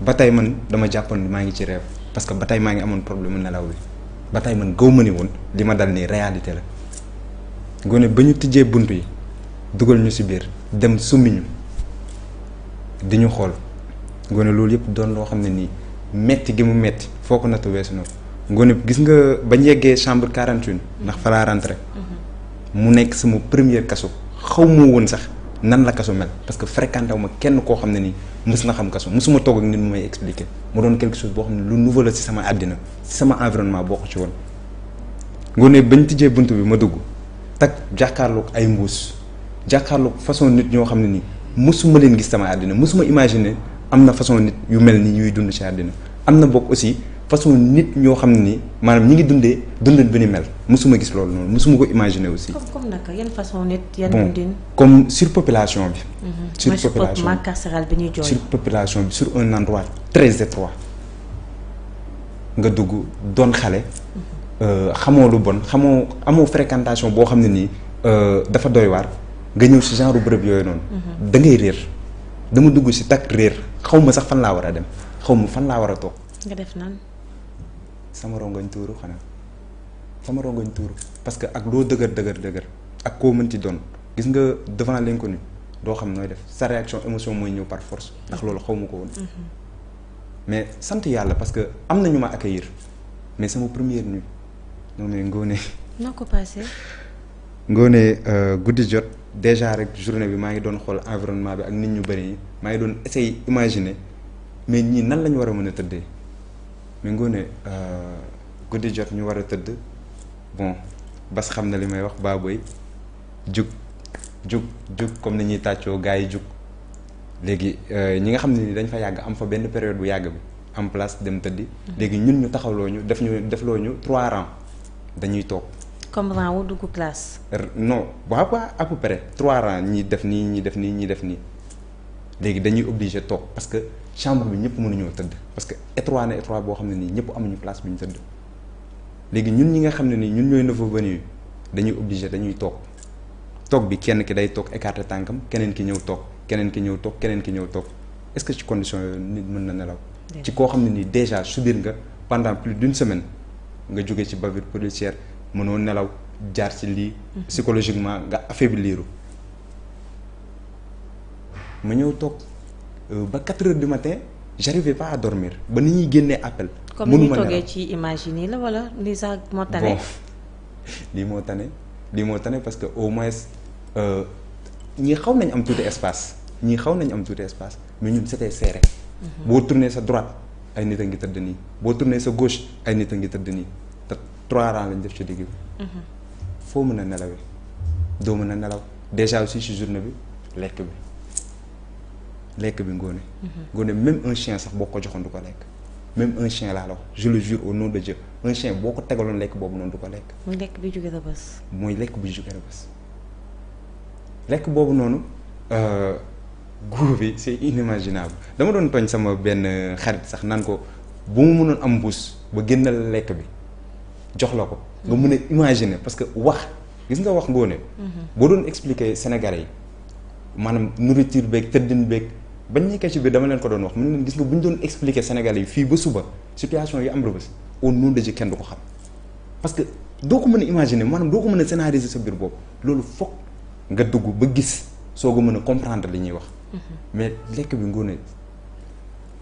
ba tey man dama jàppoon maa ngi ci rêve parce que ba tey maa ngi amoon problème nelaw bi ba tey man gëw ma ni woon li ma dal nii réalité la gone ba ñu tijjee bunt yi dugal ñu si biir dem summi ñu di ñu xool gone loolu yëpp doon loo xam ne nii metti gi mu metti foo ko natt weesu na ko gone gis nga bañ yeggee chambre quarante une ndax fa laa mm-hmm. mu nekk suma première kaso xaw ma woon sax nan la kaso mel parce que fréquenté wu ma kenn koo xam ne ni mës na xam kaso mësuma toog ak nit mu may expliquer mu doon quelque chose boo xam ne lu nouveau la ci sama àddina sama environnement boo ko ci woon. ngoonee bañ tijjee bunt bi ma dugg tak jàkkaarloog ay mbuus jàkkaarloog façon nit ñoo xam ne nii mësuma leen gis sama àddina mësuma imagine am na façon nit yu mel ni ñuy dund ci àddina am na bokk aussi. façon nit ñoo xam ne ni maanaam ñi ngi dundee dundin bi ni mel mosuma gis loolu noonu mosuma ko imaginer aussi. comme comme naka yan façon nit yan dundin. comme surpopulation bi. Mm-hmm. surpopulation bi carcérale bi ñuy jooy. surpopulation bi sur un endroit très étroit nga dugg doon xale. Mm-hmm. Euh, xamoo lu bon xamoo amoo fréquentation boo xam ne nii euh, dafa doy waar nga ñëw si genre bërëb yooyu noonu. Mm-hmm. da réer dama dugg si takk réer xaw ma sax fan laa war a dem xaw ma fan laa war a toog. sama rongoñ tuuru xanaa sama rongoñ tuuru parce que ak loo dëgër dëgër dëgër ak koo mën ci doon gis nga devant l'inconnu doo xam nooy def sa réaction émotion mooy ñëw par force ndax loolu xaw ma ko woon mhm. mais sant yàlla parce que am na ñu ma accueillir mais sama première nuit non mais ngoone noo ko passé ngoone euh, guddi jot déjà rek journée bi maa ngi doon xool environnement bi ak nit ñu bëri yi maa ngi doon essayer imaginer mais ñii nan la ñu war a mën a tëddee mais ngoone euh, guddi jot ñu war a tëdd bon bas xam na li may wax baabooy jug jug jug comme ni ñuy tàccoo gars yi jug léegi euh, ñi nga xam ne ni dañ fa yàgg am fa benn période bu yàgg bi en place dem tëddi léegi ñun ñu taxawloo ñu def ñu defloo ñu trois rangs dañuy toog. comme rang wu dugg classe. non waaw quoi à peu trois rangs def nii ñi def nii ñi def nii. léegi dañuy obligé toog parce que chambre bi ñëpp mënuñoo tëdd parce que étroit na étroit boo xam ne nii ñëpp amuñu place bu ñu tëdd léegi ñun ñi nga xam ne nii ñun ñooy nouveau venu dañuy obligé dañuy toog toog bi kenn ki day toog écarté tànkam keneen ki ñëw toog keneen ki ñëw toog keneen ki ñëw toog est-ce que ci condition yooyu nit mën na nelaw ci koo xam ne nii déjà subir nga pendant plus d'une semaine nga jóge ci bavure policière mënoo nelaw jaar ci lii mm-hmm. psychologiquement nga affaibliru ma ñëw toog euh, ba 4 heures du matin j'arrivais pas à dormir ba ni ñuy génnee appel. mënuma comme ni toogee ci image yi nii la wala lii sax moo tane. lii moo tane lii moo tane parce que au moins euh, ñii xaw nañ am tuuti espace ñii xaw nañ am tuuti espace mais ñun c'était serré. Mhm. boo tourné sa droite ay nit a ngi tëdd nii boo tourné sa gauche ay nit a ngi tëdd nii te trois rangs lañ def ci digg bi. Mhm. foo mën a nelawee doo mën a nelaw déjà aussi ci journée bi lekk bi. lekk bi ngóone ngóone même un chien sax boo ko joxoon du ko lekk même un laa la wax je le jure o nom de Dieu un boo ko tegaloon lekk boobu noonu du ko lekk mooy lekk bi jóge Rebeuss mooy lekk bi jóge Rebeuss lekk boobu noonu euh, goût bi inimaginable dama doon tooñ sama benn xarit sax naan ko bu mu mënoon am mbuus ba génnal lekk bi jox la ko nga mën a imaginer parce que wax gis nga wax ngóone mhm. boo doon expliquer Sénégalais yi maanaam nourriture beeg tëddin beeg bañ nekkee ci biir dama leen ko doon wax mën leen gis nga bu ñu doon expliquer Sénégalais yi fii ba suba situation yi am rëbës au nom de Dieu kenn du ko xam parce que doo ko mën a imaginer maanaam doo ko mën a scénariser sa biir bopp loolu nga dugg ba gis soo mën a comprendre li ñuy wax. Mhm. mais lekk bi ngoone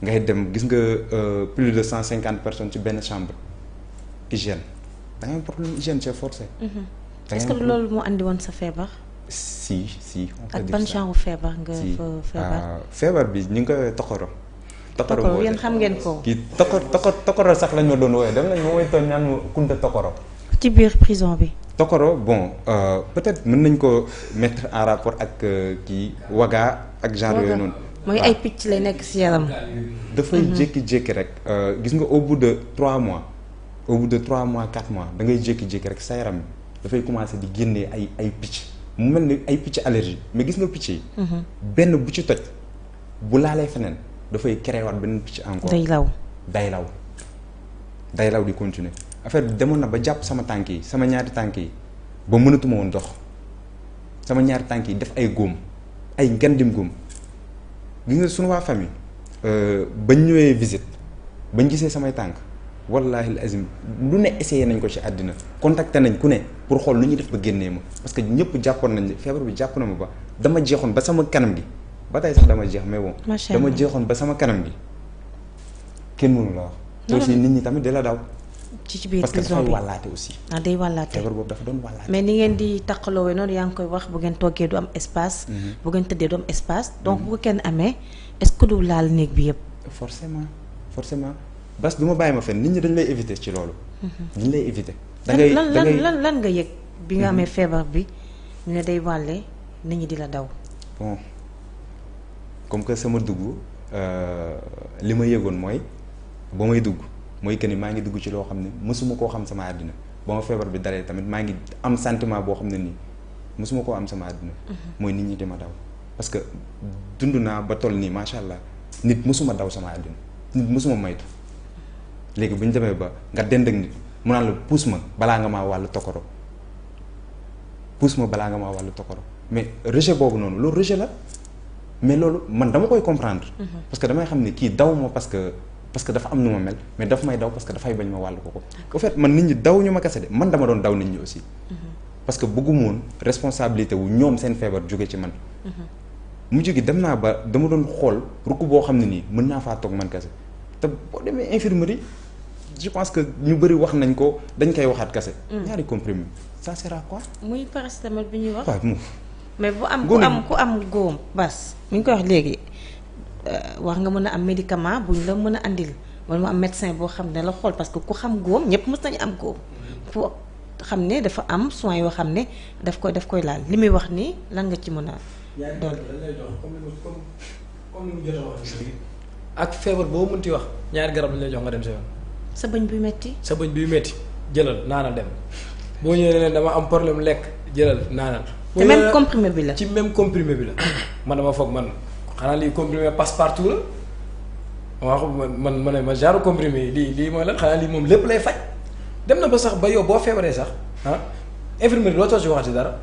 ngay dem gis nga euh, plus de cent cinquante personnes ci benn chambre hygiène da ngay am problème hygiène c'est forcé. Mhm. est loolu moo andi woon sa feebar. si si. on peut dire ça ak ban genre feebar nga feebar. Ah, feebar bi ñu ngi koy toxoro. toxoro mooy yéen xam ngeen ko. kii toxoro toxoro sax lañ ma doon wooye dem nañ ma wooy toon ñaan ma kunta toxoro. ci biir prison bi. toxoro bon euh, peut-être mën nañ ko metre en rapport ak euh, kii waga ak genre yooyu noonu. mooy ay picc lay nekk si yaram. dafay mhm. jékki-jékki rek. Euh, gis nga au bout de trois mois au bout de trois mois quatre mois da ngay jékki rek sa yaram dafay commencer di génnee ay ay mu mel ni ay picc allergie mais gis nga picc yi. Mhm. benn bu ci toj bu laalee feneen dafay créé waat picc encore. day law day law day law di continuer affaire demoon na ba jàpp sama tànk yi sama ñaari tànk yi ba mënatuma woon dox sama ñaari tànk yi def ay góom ay ngandim góom gis nga sunu waa famille. Euh, bañ ñëwee visite bañ gisee samay tànk. wallahi azim lu ne essayé nañ ko ci àddina contacté nañ ku ne pour xool lu ñuy def ba génnee ma parce que ñëpp jàppoon nañ feebar bi jàpp na ma ba dama jeexoon ba sama kanam gi ba tey dama jeex mais bon dama jeexoon ba sama kanam gi kenn mënu la wax te aussi nit ñi tamit di la daw ci ci biir prison bi parce que dafay wàllaate aussi. ah day wàllaate feebar boobu dafa doon wàllaate. mais ni ngeen di taqaloowee noonu yaa ngi koy wax bu ngeen toggee du am espace. Mhm. bu ngeen tëddee du am espace. donc mhm. bu ko kenn amee est-ce que laal néeg bi yëpp. forcément forcément bas du ma bàyyi ma fen nit ñi dañu lay éviter ci loolu. Mhm. dañu lay éviter. da ngay lan lan lan nga yëg. bi nga mhm. amee feebar bi ñu ne day wàlle nit ñi di la daw. comme que sama dugg euh, li ma yëgoon mooy ba may dugg mooy que ni maa ngi dugg ci loo xam ne mësuma koo xam sama àddina ba ma feebar bi daree tamit maa ngi am sentiment boo xam ne nii mësuma koo am sama àddina. Mhm. mooy nit ñi di ma daw. parce que dund naa ba toll nii macha allah nit mësuma daw sama àddina nit mësuma léegi bu ñu demee ba nga dend ak nit mu naan la puus ma balaa nga maa wàllu tokoro puus ma balaa nga maa wàllu tokoro mais rejet boobu noonu loolu rejet la mais loolu man dama koy comprendre. Mhm. parce que damay xam ne kii daw ma parce que parce que dafa am nu ma mel mais daf may daw parce que dafay bañ ma wàllu ko ko. au fait man nit ñi daw ma kese de dama doon daw nit ñi aussi. Mhm. parce que bëgguma woon responsabilité wu ñoom seen feebar jóge ci man. Mhm. mu gi dem naa ba dama doon xool rukk boo xam ne nii mën naa faa toog man kese te boo demee infirmerie. je pense que ñu bëri wax nañ ko dañ koy waxaat kese. Mm. ñaari comprimé ça sert à quoi. muy paracétamol bi ñuy wax. mais bu am ku am ku am góom bas mi ngi koy wax léegi euh, wax nga mën a am médicament buñ la mën a indil wala mu am médecin boo xam ne la xool parce que ku xam góom ñëpp mës nañu am góom. pour xam ne dafa am soin yoo xam ne daf koy daf koy laal li muy wax nii lan nga ci mën a. doon comme comme ak feebar boo mënti wax ñaari garab lañ lay jox nga dem si yoon sa bëñ buy metti sa bëñ buy metti jëlal naana dem boo ñëwee ne dama am problème lekk jëlal naanal. te même comprimé bi la ci même comprimé bi la man dama foog man xanaa lii comprimé passe partout la. waaw man ma ne ma genre comprimé lii lii mooy lan xanaa lii moom lépp lay faj dem na ba sax ba yow boo feebaree sax ah infirmerie loo toog ci waxati dara.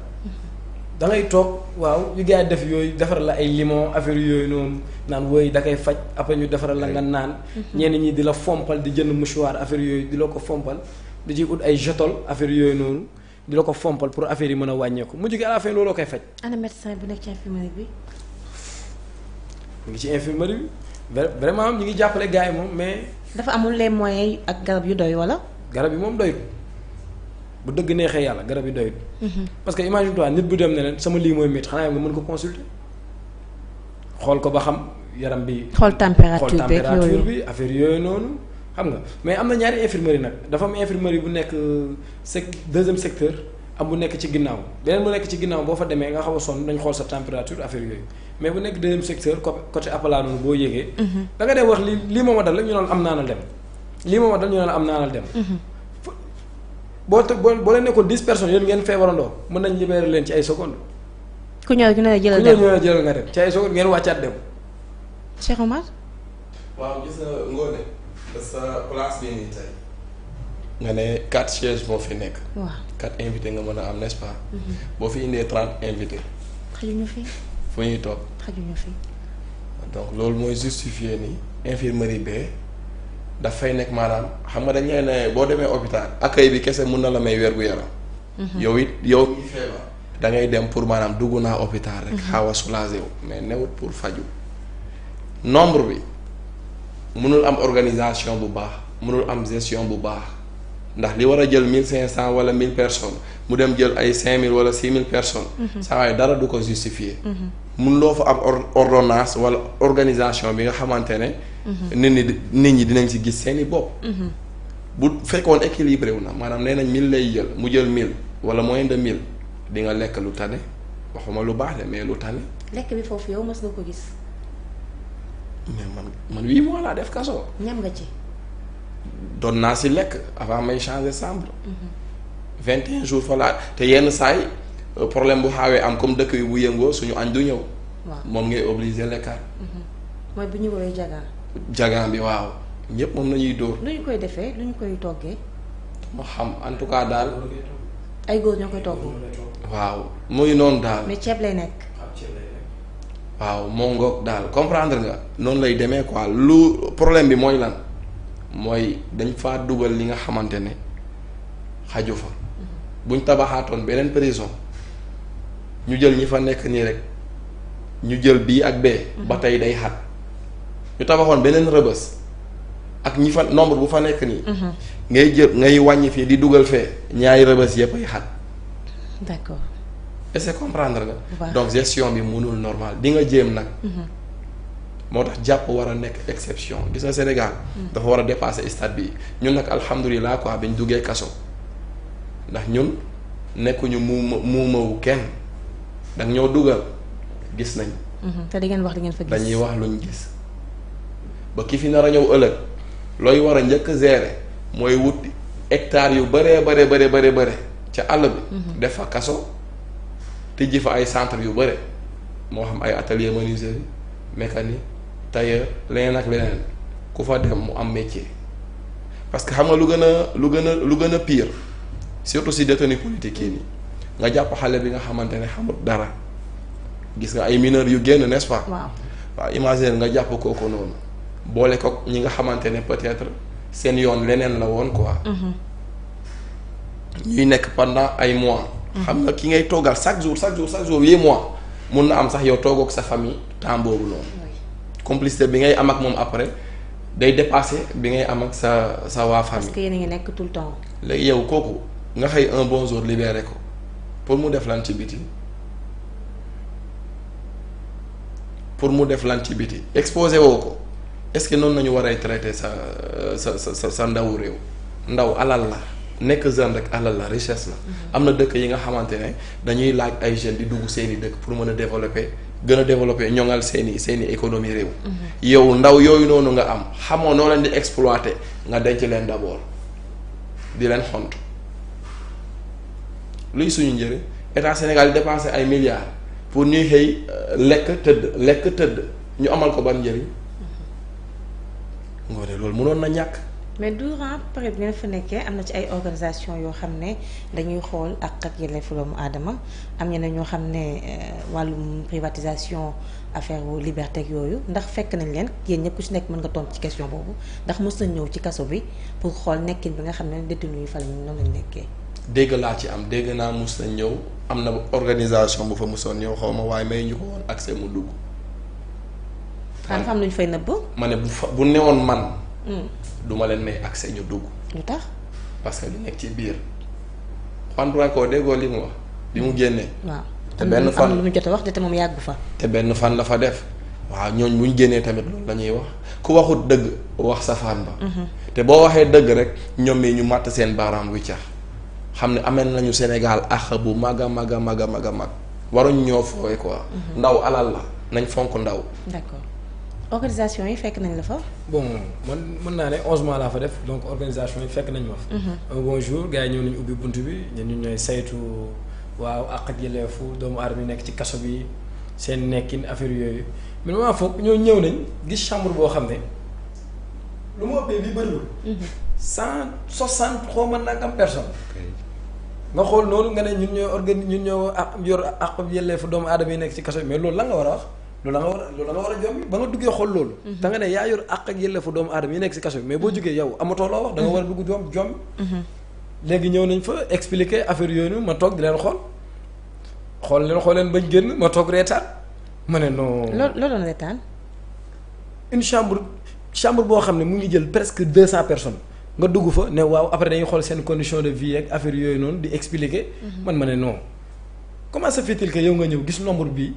da ngay toog waaw yu gars yi def yooyu defaral la ay limon affaire yooyu noonu naan wooyu da koy faj après ñu defaral la nga naan. Mhm. ñenn ñi di la fompal di jënd mouchoir affaire yooyu di la ko fompal di ci ut ay jetol affaire yooyu noonu di la ko fompal pour affaire yi mën a wàññeeku mujj gi à looloo koy faj. ana médecin bu nekk ci infirmerie bi. mu ngi ci infirmerie bi vraiment ñu ngi jàppale gars yi moom mais. dafa amul les moyens ak garab yu doy wala. garab yi moom doyul. bu dëgg neexee yàlla garab yi doyut. Mhm. parce que imagine toi nit bu dem ne leen sama lii mooy métti xanaa nga mën ko consulter xool ko ba xam yaram bi. xool température bi affaire yooyu noonu. xam nga mais am na ñaari infirmerie nag dafa infirmerie bu nekk euh, sec deuxième secteur am bu nekk ci ginnaaw beneen bu nekk ci ginnaaw boo fa demee nga xaw a sonn dañ xool sa température affaire yooyu mais bu nekk deuxième secteur côté appalaa noonu boo yéegee. Mhm. a dal a dal ñu boo te boo boo leen nekkoon dix personnes yéen ngeen feebarandoo mën nañ libérer leen ci ay secondes. ku ñëw ñu ne la jëlal dem ku ñëw ñu ne la jëlal nga dem ci ay secondes ngeen wàccaat dem. waaw gis nga Ngoné nga ne quatre chaises moo fi nekk. waaw quatre invités nga mën a am nest pas. Mhm. boo fi indee trente invités. xajuñu fi. fu ñuy toog. xajuñu fi. donc loolu mooy justifier ni infirmerie bee. daf fay nekk maanaam xam nga dañ leen ne boo demee hôpital accueil bi kese mun na la may wér gu yaram. Mhm. yow it yow dangay dem pour maanaam dugg naa hôpital rek. Mhm. xaaw a soulager wu mais newut pour faju nombre bi mënul am organisation bu baax mënul am gestion bu baax ndax li war a jël mille cinq cent wala mille personnes mu dem jël ay cinq mille wala six mille personnes. Mhm. saa waaye dara du ko justifier. mun loo fa am ordonnance wala organisation bi nga xamante ne. Mhm. nit ñi nit ñi dinañ si gis seen i bopp. Mhm. bu fekkoon équilibré wu na maanaam nee nañ mille lay jël mu jël mille wala moyen de mille di nga lekk lu tane waxuma lu baax la mais lu tane. lekk bi foofu yow mës nga ko gis. mais man man huit laa def kaso. ñam nga ci. doon naa si lekk avant may changer chambre. Mhm. vingt et un jours fa laa te yenn saay euh, problème bu xaawee am comme dëkk bu yëngoo suñu añ du ñëw. moom ngay obligé lekkaat. mooy bu ñu woowee jagaan. jagan bi waaw ñëpp moom lañuy dóor. lu ñu koy defee lu ñu koy toggee. ma xam en tout cas daal. ay góor ñoo koy togg. waaw muy noonu daal. mais ceeb lay nekk. waaw moo ngoog daal comprendre nga. noonu lay demee quoi lu problème bi mooy lan mooy dañ fa dugal li nga xamante ne xaju fa. Mm-hmm. buñ tabaxaatoon beneen prison ñu jël ñi fa nekk nii rek ñu jël bii ak bee. ba mm-hmm. tey day xat. ñu tabaxoon beneen rëbës ak ñi fa nombre bu fa nekk nii. Mhm. ngay jël ngay wàññi fii di dugal fee ñaari rëbës yëpp ay xat. d'accord est-ce que comprendre nga. donc gestion bi mënul normal di nga jéem nag. Mhm. moo tax jàpp war a nekk exception gis nga Sénégal. Mhm. dafa war a dépasser stade bi ñu nag alhamdulilah quoi biñ duggee kaso ndax ñun nekkuñu muuma muumawu kenn danga ñoo dugal gis nañ. te di wax di ngeen fa gis dañuy wax luñ gis. ba ki fi nar a ñëw ëllëg looy war a njëkk a mooy wut hectares yu bëree bare bare bare bare ca àll bi mhm. def fa kaso tijji fa ay centre yu bëre moo xam ay atelier menuiserie mécanique tailleur leneen ak leneen ku fa dem mu am métier parce que xam nga lu gën a lu gën a lu gën a pire surtout si détenu politique yi nii nga jàpp xale bi nga xamante ne xamul dara gis nga ay mineurs yu génn n'est-ce pas waaw imaginer nga jàpp kooku noonu boole ko ñi nga xamante ne peut-être seen yoon leneen la woon quoi. Mhm. ñuy nekk pendant ay mois. Mhm. xam nga ki ngay toogal chaque jour chaque jour chaque jour les mois mun na am sax yow toogook sa famille temps boobu noonu. complicité bi ngay am ak moom après day dépasser bi ngay am ak sa sa waa famille. parce que yéen a léegi yow kooku nga xëy un bon jour libéré ko pour mu def lan ci biti. pour mu def lan ci biti exposé woo ko. est-ce que noonu nañu war ay traité sa sa sa sa ndawu réew ndaw alal la nekk jeune rek alal la richesse la mm-hmm. am na dëkk yi nga xamante ne dañuy laaj ay jeunes di dugg seeni dëkk pour mën a développer gën a développer ñoŋal seeni seeni économie réew mm-hmm. yow ndaw yooyu noonu nga am xamoo noo leen di exploiter nga denc leen d'abord di leen xont luy suñu njëriñ état Sénégal dépensé ay milliards pour ñuy xëy euh, lekk tëdd lekk tëdd ñu amal ko ban njëriñ ngoone loolu munoon na ñàkk. mais durant pare bi ngeen fa nekkee am na ci ay organisation yoo xam ne dañuy xool ak ak yelleefu doomu aadama am ñeneen ñoo xam ne euh, wàllum privatisation affaire wu liberté yooyu ndax fekk nañ leen yéen ñëpp ku ci nekk mën nga tontu ci question boobu ndax mus na ñëw ci kaso bi pour xool nekkin bi nga xam ne détenu yi fa lañ noonu lañ nekkee. dégg laa ci am dégg naa mës na ñëw am na organisation bu fa mësoon ñëw xaw ma waaye may ñu ko woon accès mu dugg. xanaa dafa am lu ñu fay nëbb. ma ne bu fa bu newoon man. Hmm. duma leen may accès ñu dugg. lu tax parce que nekk ci biir Juan Branco déggoo li mu wax bi mu génnee. te benn fan wax te moom fa. te benn fan la fa def waaw ñooñ buñ ñu génnee tamit loolu la wax ku waxut dëgg wax safaan ba. Mhm. te boo waxee dëgg rek ñoom yi ñu màtt seen baaraam wi cax xam ne amee nañu senegal ax bu mag a mag a mag a mag a mag waruñ ñoo fooy quoi. Mhm. ndaw alal la nañ fonk ndaw. organisation yi fekk nañ la fa. bon man mën naa ne onze mois laa fa def donc organisation yi fekk nañ ma fa. Mhm. un bon jour yi ñëw nañu ubbi bunt bi ñu saytu waaw àq ak yelleefu doomu aadama nekk ci kaso bi seen nekkin affaire yooyu ñoo ñëw nañ gis chambre boo xam ne lu ma ëppee bi bëriwul. Mhm. cent soixante xaw ma nangam personne. nga xool noonu nga ne ñun ñooy organ ñun ñoo yor àq ak yelleefu doomu aadama yi nekk ci kaso bi mais loolu lan nga war a wax. loolu da war a loolu da nga a jom ba nga duggee xool loolu mhm. da ne yaa yor àq ak yelleefu doomu aadama yi nekk si kaso bi mais boo mhm. jógee yow amatoo wax da war a dugg jom jom mhm. léegi ñëw nañ fa expliquer affaire yooyu ma toog di xool xool leen xool leen bañ génn ma toog reetaan ma ne non loo doon reetaan une boo xam ne mu ngi jël presque deux cent personnes nga dugg fa ne waaw après dañuy xool seen condition de vie affaire yooyu noonu di expliquer man ma ne non comment ça fait-il que yow nga ñëw gis nombre bi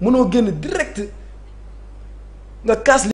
mënoo génn direct nga kaas.